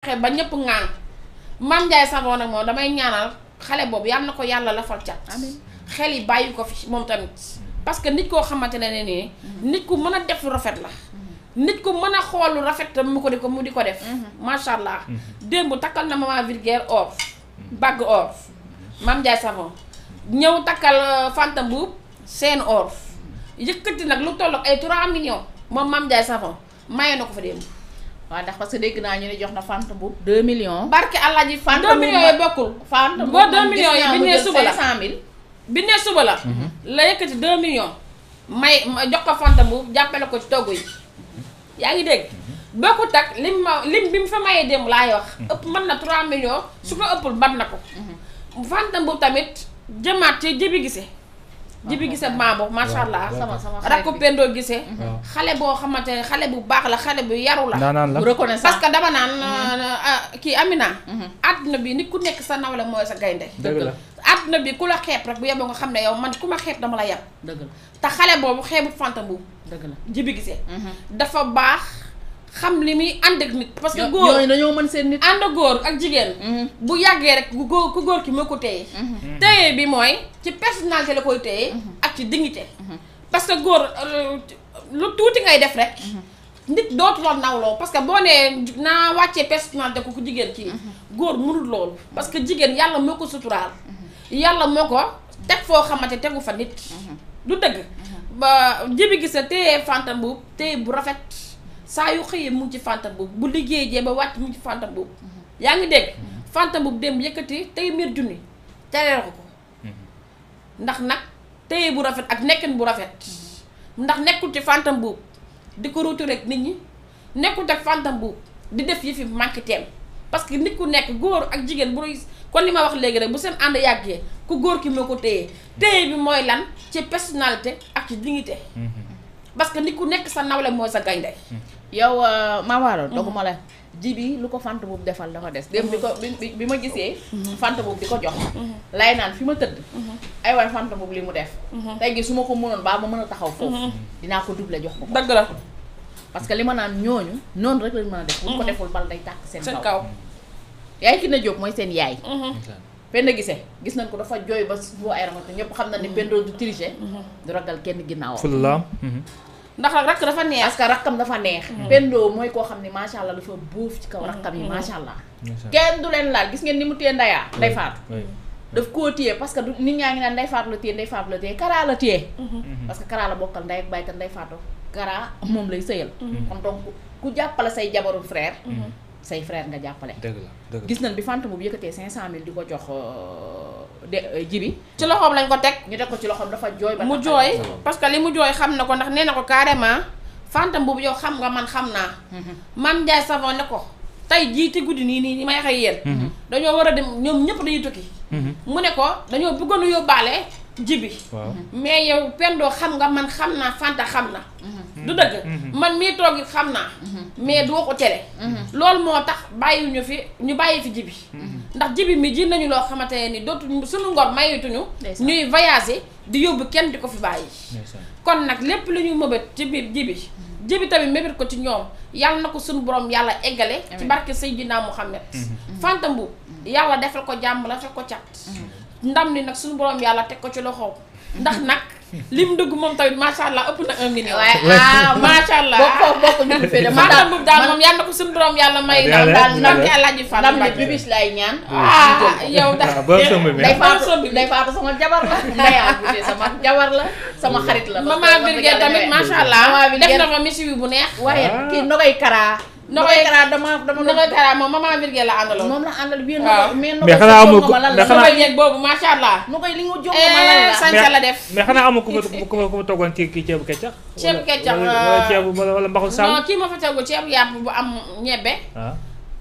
ba ñëpp ŋaan Mame Ndiaye Savon nag moom damay ñaanal xale boobu yàlla na ko yàlla la lafal cat xel yi bàyyi ko fi moom tamit parce que nit koo xamante ne ne nii nit ku mën a def lu rafet la nit ku mën a xool lu rafet mu ko di ko mu di ko def macha allah démb takkal na maman Virgère or bagg or Mame Ndiaye Savon ñëw takkal euh, fànta Mbuub seen or yëkkati nag lu toll ay 3 millions moom Mame Ndiaye Savon maye na ko fa démb waaw ndax parce que dégg naa ñu ne jox na fante bu 2 millions. barke allah ji fante 2 millions yi bokkul. fante boo 2 millions yi bi ñu suba la la. Mhm. la yëkkati 2 millions. may jox ko fante bu jàppale ko ci togg yi. yaa ngi dégg mhm. bokkut ak lim ma lim bi mu fa mayee démb laay wax. Mhm. ëpp man na 3 millions. su ko ëppul bat na ko. fante bu tamit jëmaat ci jëbi gisee. jibi gise maabo macha allah sama sama rakku pendoo gise xale boo xamante ne xale bu baax la xale bu yaru la bu reconnaissant parce que dama naan mm-hmm. euh, euh, kii Amina mm-hmm. àdduna bi nit ku nekk sa nawle mooy sa gaynde la àdduna bi ku la xeeb rek bu yeboo nga xam ne yow man ku ma xeeb dama la yab dëgg la te xale boobu xeebu fanta bu dëgg la jibi gise mm-hmm. dafa baax xam li muy ànd ak nit. parce que góor yooyu dañoo mën seen nit. ànd góor ak jigéen. Mm-hmm. bu yàggee rek ku góor ku góor ki moo ko téye. Mm-hmm. téye bi mooy ci personnalité la koy téye. Mm-hmm. ak ci dignité. parce que góor euh, lu tuuti ngay def rek. nit dootu la nawloo parce que boo nee naa wàccee personnalité ko ku jigéen kii. góor mënul loolu. parce que jigéen yàlla moo ko suturaal. yàlla moo ko teg foo xamante tegu fa nit. lu dëgg. ba jibi gise na téye fantam bu téye bu rafet. saa yu xëyee mu ngi ci fantam boobu bu liggéey jee ba wàcc mu ngi ci fantam boobu yaa ngi dégg mhm. fantam boobu dem yëkkati tey miir junni tereer ko ko mhm. ndax nag téye bu rafet ak nekkin bu rafet mhm. ndax nekkul ci fantam boobu di ko ruutu rek nit ñi nekkul ak fantam boobu di def yëfi manqué teem parce nit ku nekk góor ak jigéen bu kon li ma wax léegi rek bu seen ànd yàggee ku góor ki moo ko téye téye bi mooy lan ci personnalité ak ci dignité parce que nit ku nekk sa nawle mooy sa gaynde yow euh, Mame Walo mhm. doguma la jibi lu ko fant boobu defal dafa des dem bi ko bi bi ma gisee mhm. fant boobu di ko jox mhm. lay naan fi ma tëdd ay waay fant boobu li mu def tey gi su ma ko mënoon baa ma mën a taxaw foofu dinaa ko double jox ko ko dëgg la parce que li ma naan ñooñu noonu rek lañ mën a def buñ ko deful bal day tàkk seen kaw yaay ki na jóg mooy seen yaay Penda Guissé gis nañ ko dafa jooy ba su ay ramata ñëpp xam na ne Penda du tricher du ragal kenn ginnaawam ndax rakk dafa neex parce que rakkam dafa neex. Mm. Pendo mooy koo xam ne macha allah dafa buuf ci kaw mm. rakkam yi mm. macha allah. kenn du leen laal gis ngeen ni mu téye ndayaa nday faatu. daf koo téye parce que nit ñaa ngi naan nday faatu la téye nday faatu karaa la téye. Mm-hmm. Mm-hmm. parce que karaa la bokkal nday ak baay te nday faatu karaa moom lay sëyal. Mm-hmm. kon donc ku jàppale say jabaru frère. say frère nga jàppale. dëgg la dëgg la gis nañ bi fant boobu yëkkatee 500000 di ko jox. Euh, de euh, jibi ci loxoom lañ ko teg ñu teg ko ci loxoom dafa jooy ba mu jooy parce que li mu jooy xam na ko ndax nee na ko carrément fantam boobu yow xam nga man xam naa mhm. Mame Ndiaye Savon ne ko tey jii te guddi nii nii may xëy yéen mhm. dañoo war a dem ñoom ñëpp dañuy tukki mhm. mu ne ko dañoo bëggoon a yóbbaale jibi mais yow pendoo xam nga man xam naa fanta xam na du dëgg man mii toog xam naa mais doo ko tere loolu moo tax bàyyi ñu fi ñu bàyyi fi jibi ndax jibi mi ji nañu loo xamante ne ni dootu suñu ngor mayituñu ñuy voyager di yóbbu kenn di ko fi bàyyi kon nag lépp lu ñu mëbët ci biir jibi mhm. jibi tamit mébét ko ci ñoom yàlla na ko suñu borom yàlla eggale ci barke Seydina Muhammad mhm. mhm. fantambu yàlla defal ko jàmm la fekk ko cat ndam li nag suñu borom yàlla teg ko ci loxoom ndax nag lim dugg moom tamit macha allah ëpp na un million. waaye ah macha allah bokkoo bokk ñu fee de. maanaam boobu daal moom yal na ko suñu borom yàlla may. daal daal ndam ci alaaji fan. ndam li bibis lay ñaan. ah, ah yow da ah, day faatu day faatu sama jabar la. ndayaa bu dee sama jabar la sama xarit la. maman Birgé tamit macha allah def na ma misi bu neex. waaye ah. kii nogay karaa. Ndoxoy Kara dama dama Ndoxoy Kara moom maman Virgile la àndaloon. moom la àndal biir Ndoxoy. mais Ndoxoy xanaa amul ko mais xanaa Ndoxoy yeeg boobu macha allah. Ndoxoy li nga jox ma lan la eh, sànca la def. mais xanaa amul ku ma ku ma ku ma toggoon ci kii ceebu keccax. ceebu keccax wala ceebu wala euh, mbaxu sàmm. non kii ma fa togg ceebu yàpp bu am ñebbe. Ah.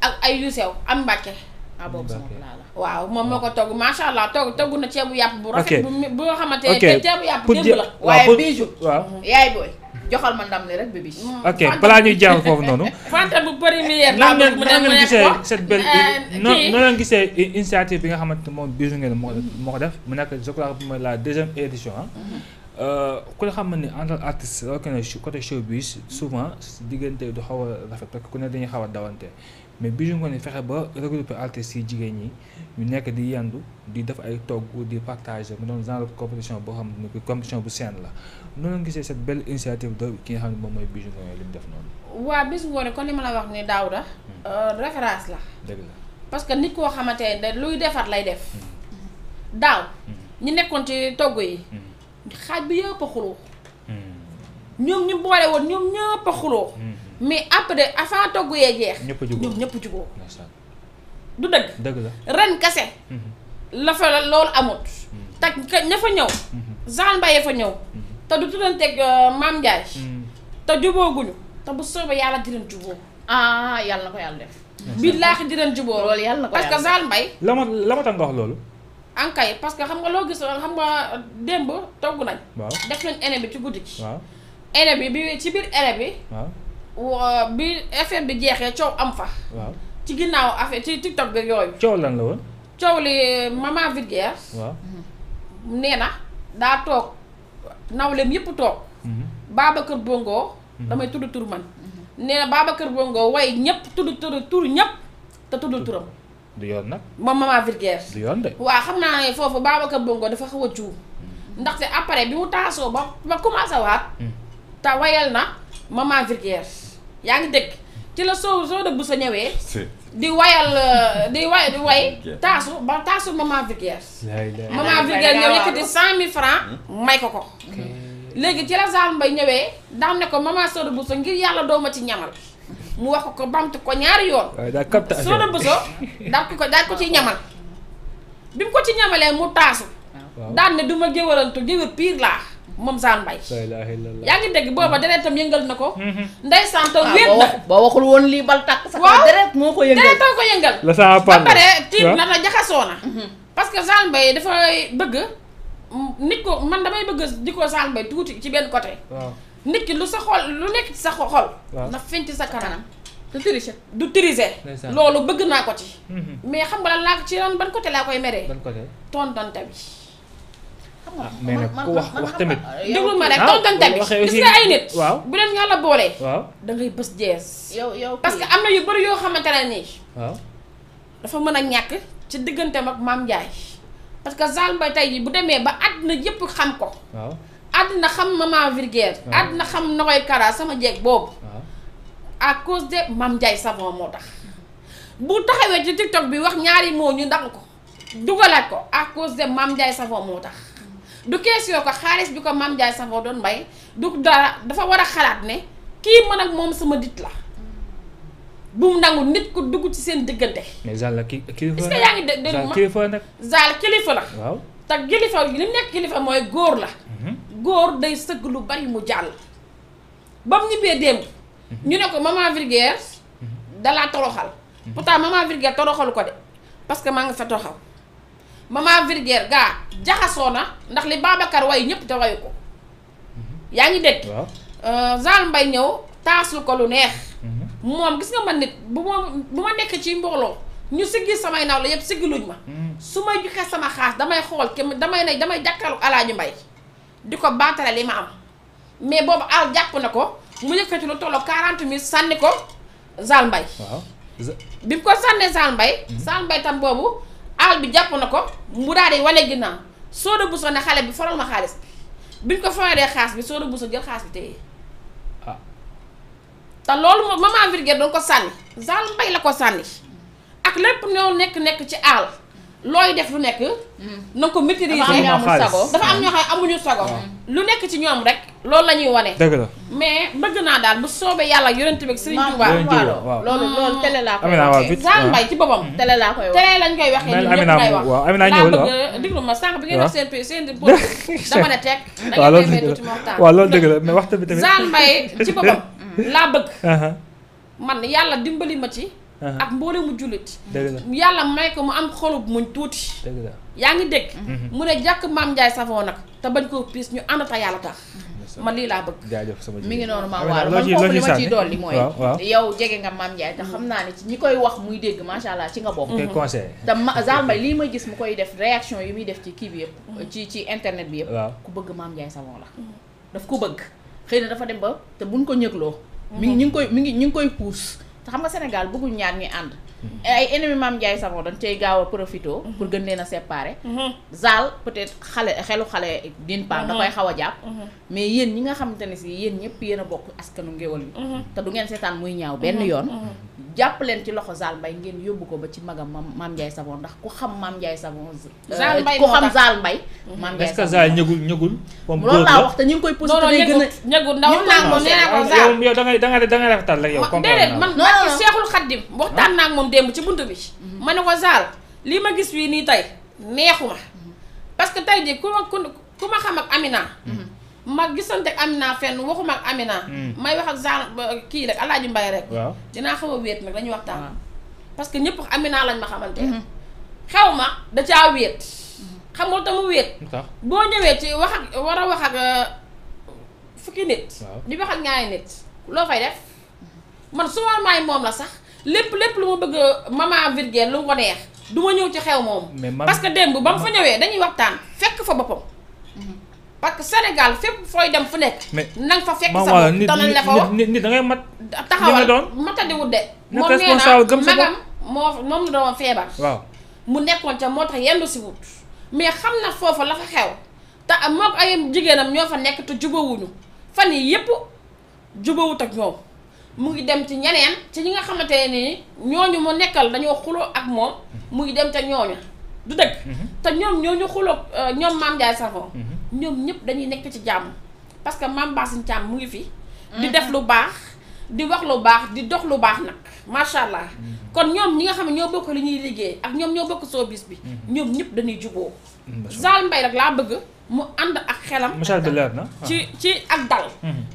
ak ay yu sew am mbàkke. ah boobu sama plat la waaw moom moo ko togg macha allah togg togg na ceebu yàpp bu rafet bu bu nga xamante ne ceebu yàpp démb la waaye biiju yaay booy joxal ma ndam li rek bébé. ok balaa ñuy jàll foofu noonu. fanta bu bëri mi yéen. laa bëgg mu gisee cette belle bi noo leen gisee initiative bi nga xamante moom bisu ngeen moo ko def mu nekk je crois que la deuxième édition ah. Euh, ku la xam ne en tant artiste rawatina côté showbiz souvent diggante du xaw a rafet parce que ku ne dañuy xaw a dawante mais Bijou Ngoné fexe ba regrouper artistes yi jigéen ñi ñu nekk di yendu di def ay togg di partager mu doon genre compétition boo xam ne ni compétition bu seen la noonu nga gisee cette belle initiative de ki xam ne moom mooy Bijou Ngoné li mu def noonu. waaw Bijou Ngoné kon li ma a wax ni daaw da hmm. euh, référence la. dëgg la parce que nit koo xamante ne luy defar lay def. Hmm. daaw hmm. ñu nekkoon ci togg yi. xaaj bi yëpp a xuloo hmm. ñoom ñu boole woon ñoom ñëpp xuloo hmm. mais après avant togg yee jeex ñoom ñëpp juboo du dëgg dëgg ren kase hmm. la fa la loolu amut tak ña fa ñëw Zane Mbaye fa ñëw te du tuddanteeg euh, Maam Ndiaye te jubooguñu te bu soobee yàlla di leen juboo ah yàlla na ko yàlla def billaahi di leen juboo loolu yàlla na ko parce que Zane Mbaye la ma la nga wax loolu ankay parce que xam nga loo gis xam nga démb togg nañ. waaw def nañ ene ci guddi gi. waaw bi ci biir ene bi. FM bi jeexee coow am fa. ci ginnaaw affaire ci TikTok bi yooyu. coow lan la woon. coow li maman Vulgaire. waaw na daa toog nawleem yëpp toog. kër mhm. Bongo. Mhm. damay tudd tur man. nee na Babacar Bongo way ñëpp tudd tur tur te tudd turam. du yoon nag. moom maman Virgère. yoon de. waaw xam naa ne foofu Babacar Bongo dafa xaw a juum. Hmm. ndaxte après bi mu taasoo ba ba commencé waat. Hmm. te wayal na maman Virgère yaa ngi dégg hmm. ci la soo soo dëbb sa ñëwee. di wayal euh, di way di way taasu ba taasu maman Virgère. maman Virgère ñëw yëkkati cent mille francs may ko ko. léegi ci la Zane Mbaye ñëwee daan ne ko maman soo dëbb sa ngir yàlla doo ma ci ñamal. mu wax ko bamtu ko ñaari yoon. waaye daal soo doon daal ko daal ko ci ñamal. bi mu ko ci ñamalee mu taasu. daan ne du ma géwalantu géwél laa moom Zane Mbaye. yaa ngi dégg booba hmm. deretam yëngal na ko. Hmm. ndeysaan te ah, wéet na ba waxul woon lii bal tàkk sax deret moo ko yëngal deret moo ko yëngal. ba pare tiit na la jaxasoo na. Hmm. parce que Zane Mbaye dafay bëgg nit ko man damay bëgg di ko Zane Mbaye tuuti ci benn côté. nit ki lu sa xol lu nekk ci sa xol. na feeñ ci sa kanam. du tricher du tricher. loolu bëgg naa ko ci. Mhm. mais xam nga lan laa ko ci ran ban côté laa koy meree. ban côté tontante bi. xam nga ah, man wax wax tamit. déglu ma rek ah, bi gis ay nit. waaw bu leen yàlla boolee. waaw da bës jees. yow yow parce que am na yu bëri yoo xamante ne nii. dafa mën a ñàkk ci diggante ak maam Ndiaye. parce que Zale Mbaye tey jii bu demee ba àdduna yëpp xam ko. àddina xam maman Virguère ah. àddina xam Nogoy Kara sama jeeg boobu ah. à cause de Mame Ndiaye Savon moo tax bu taxawee ci TikTok bi wax ñaari moo ñu ndax ko dugalaat ko à cause de Mame Ndiaye Savon moo tax du question ko xaalis bi ko Mame Ndiaye Savon doon mbay du dara dafa war a xalaat ne kii mën ak moom sama dit la bu nangu nit ko dugg ci seen diggante. mais Zal la kilifa yaa ngi dégg ma Zal kilifa nag. kilifa la. waaw kilifa li nekk kilifa mooy góor la. góor day sëgg lu bari mu jàll ba mu ñibbee démb ñu ne ko maman Virgière mhm. dalaa toroxal mhm. pourtant maman Virgière toroxalu ko de parce que maa nga fa toroxal maman Virgière gaa jaxasoo na ndax li Babacar way ñëpp te wayu ko mhm. yaa ngi dégg euh, Zal Mbay ñëw taasul ko lu neex moom gis nga ma nit bu ma bu ma nekk ci mbooloo ñu siggi samay naw la yëpp siggi luñ ma su may joxe sama xaas damay xool ke damay ne damay jàkkaarlu Alaaji Mbay di ko bantale li ma am mais boobu al jàpp na ko mu yëkkati lu tolloo 40 000 sànni ko Zal Mbaye. waaw bi mu ko sànnee Zal Mbaye. Mhm. Zal Mbaye tam boobu al bi jàpp na ko mu daal di wane ginnaaw soo de buso ne xale bi faral ma xaalis bi ñu ko fayalee xaas bi soo de buso jël xaas bi ah. te loolu moom maman Virgile doon ko sànni Zal mbay la ko sànni ak lépp ñoo nekk nekk ci al. looy def lu nekk. Hmm. na ko maîtriser dafa am ñoo xam ne amuñu sago. Hmm. lu nekk ci ñoom rek loolu la ñuy wane. dëgg la mais bëgg naa daal bu soobee yàlla yonent bi ak Serigne ci boppam. télé laa koy wax télé daa bëgg déglu ma sànq bi ngeen wax seen seen bopp dama ne teg. waaw loolu dëgg la waaw loolu dëgg bi tamit. Zane Mbaye ci boppam laa bëgg. Uh-huh. man yàlla dimbali ma ci Uh-huh. ak mboole mu jullit yàlla may ko mu am xolub muñ tuuti yaa ngi dégg mm-hmm. mu ne jàkk maam Ndiaye Savon nag te bañ koo piis ñu ànd ta yàlla tax mm-hmm. man lii laa bëgg jaajëf sama mi ngi noonu maam waalo man foofu li ma ciy dolli mooy yow jege nga maam Ndiaye te xam naa ne ñi koy wax muy dégg macha allah ci nga bokk conseil te Zale Mbaye lii ma gis mu koy def réaction yi muy def ci kii bi yëpp mm-hmm. ci ci internet bi yëpp ku bëgg maam Ndiaye Savon la daf ko bëgg xëy na dafa dem ba te buñ ko ñëgloo mi ñu ngi koy mi xam nga Sénégal bëggul ñaar ñuy ànd. ay ennemi maam Ndiaye Sango dañ cay gaaw a profité. Mhm. pour gën leen a séparer. Mhm. zaal peut-être xale xelu xale din part da mhm. koy xaw a jàpp. mais yéen ñi nga xamante ne si yéen ñëpp yéen a bokk askanu ngéwal yi. te du ngeen seetaan muy ñaaw benn yoon. jàpp leen ci loxo saal mbay ngeen yóbbu ko ba ci magam maam maam Ndiaye Savon ndax ku xam maam Ndiaye Savon. Zal Mbaye euh, ku xam Zal Mbaye. maam Ndiaye Savon est-ce que Zal ñëgul ñëgul. comme loolu laa koy posé te day a. da da ngay da ngay man man Seexul Xaddim waxtaan naa ak moom démb ci buntu bi. Mhm. ma ne ko Zal lii ma gis fii nii tey neexuma mhm. parce que tey jii ku ma ku ma xam ak Amina mhm. ma gisante ak Amina fenn waxuma ak Amina. Hmm. may wax ak genre kii rek Alaaji Mbay rek. waaw dinaa xaw a wéet nag dañuy waxtaan. parce que ñëpp Amina lañ ma xamante hmm. xew ma da caa wéet. Hmm. xam nga tamu wéet. boo ñëwee ci wax ak war a wax ak uh, fukki nit. di wax ak ñaari nit loo fay def. man su ma maay moom la sax lépp lépp lu ma bëgg maman Virgile lu ko neex du ma ñëw ci xew moom. parce que démb ba mu fa ñëwee dañuy waxtaan fekk fa boppam. parce que Sénégal fépp fooy dem fu nekk. na nga fa fekk sa danañ la fa wax nit nit da ngay mat. taxawal matadiwut de. moom nee naa magam moo moom la doon feebar. waaw mu nekkoon ca moo tax yendu si wut. mais xam na foofu la fa xew te moog ayam jigéenam ñoo fa nekk te jubawuñu fan yii yëpp jubawut ak ñoom mu ngi dem ci ñeneen ci ñi nga xamante ne nii ñooñu mu nekkal dañoo xuloo ak moom mu ngi dem ca ñooñu du dëgg. Mm-hmm. te ñoom ñooñu xuloo euh, ñoom Mame Ndiaye Savon mm-hmm. ñoom ñëpp dañuy nekk ci jàmm parce que Mame Bassine Thiam mu ngi fi. di mm-hmm. def lu baax di wax lu baax di dox lu baax nag macha allah. Mm-hmm. kon ñoom ñi nga xam ne ñoo bokk li ñuy liggéey ak ñoom ñoo bokk showbiz bi. Mm-hmm. ñoom ñëpp dañuy juboo Zale Mbaye rek laa bëgg mu ànd ak xelam. message bi leer na ci ci ak dal.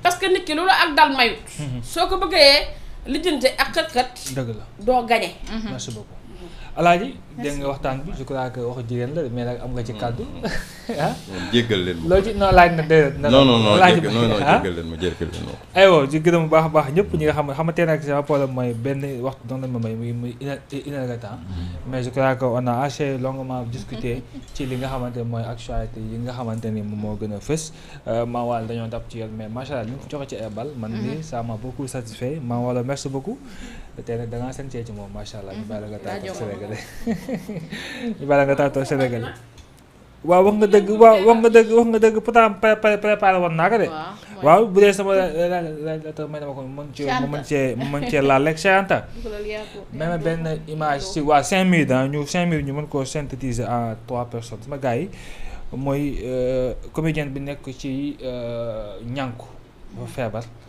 parce que nit ki loolu ak dal mayut. soo ko bëggee lijjante ak xët-xët. dëgg la doo gañe. merci Alaaji dégg nga waxtaan bi je crois que waxu jigéen la mais nag am nga ci mm. kàddu. Mm. ah jéggal leen ma. loo laaj na de non non non jéggal non non ah? jéggal leen ma jéggal leen ma. aywa di gërëm bu baax a baax ñëpp ñi nga xam ne xamante ne mooy benn waxtu doon nañ ma may muy muy une temps mm. mais je crois que on a assez longuement discuté ci li nga xamante ne mooy actualité yi nga xamante ni moom moo gën a fës euh, Mawal dañoo dab ci yoon mais macha allah li mu joxe ci ay bal man nii mm-hmm. ça m'a beaucoup satisfait Mawal merci beaucoup. tey nag da ngaa ci moom macha allah. ñu baal nga mm-hmm. tàggatoo Sénégalais ñu baal nga tàggatoo Sénégalais. waaw wax nga dëgg waaw wax nga dëgg wax nga dëgg pourtant pré préparé woon naa ko de. waaw bu dee sama laaj laaj may na ma ko mën cee mën cee benn image ci waa cinq minutes ah ñu cinq minutes ñu man koo synthétiser en trois personnes sama ma yi mooy euh, comédienne bi nekk ci ñànku. Euh, dafa feebar.